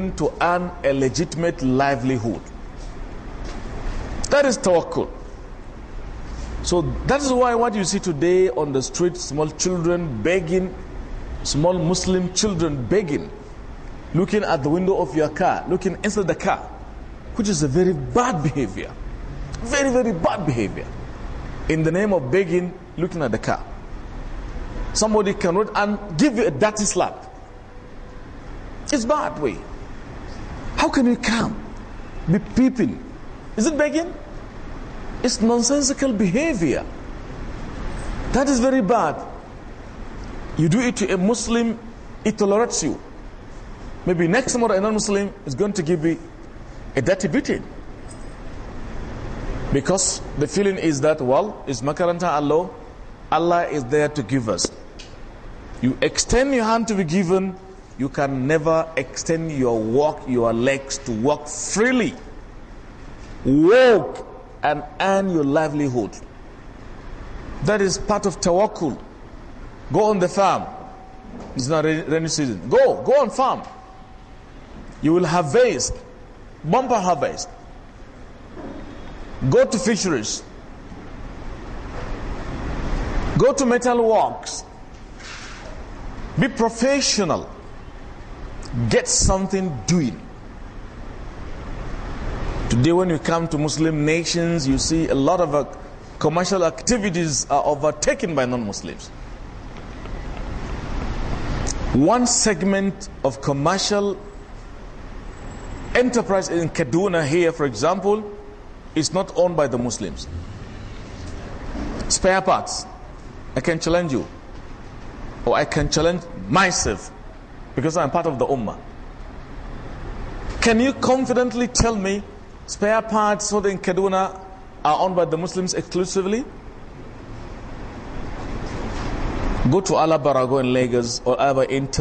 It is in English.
to earn a legitimate livelihood. That is tawakkul. So that is why what you see today on the street, small children begging, small Muslim children begging, looking at the window of your car, looking inside the car, which is a very bad behavior. Very, very bad behavior. In the name of begging, looking at the car. Somebody cannot and give you a dirty slap. It's bad way. How can you come? Be people. Is it begging? It's nonsensical behavior. That is very bad. You do it to a Muslim, it tolerates you. Maybe next month a non-Muslim is going to give you a dirty beating. Because the feeling is that, well, it's Makaranta Allah. Allah is there to give us. You extend your hand to be given, you can never extend your walk, your legs to walk freely. Walk and earn your livelihood. That is part of Tawakul. Go on the farm. It's not rainy season. Go, go on farm. You will harvest, bumper harvest. Go to fisheries. Go to metal works. Be professional get something doing. Today, when you come to Muslim nations, you see a lot of uh, commercial activities are overtaken by non Muslims. One segment of commercial enterprise in Kaduna, here, for example, is not owned by the Muslims. Spare parts. I can challenge you, or I can challenge myself because I'm part of the Ummah. Can you confidently tell me spare parts sold in Kaduna are owned by the Muslims exclusively? Go to Alabarago in Lagos or Alaba Internet.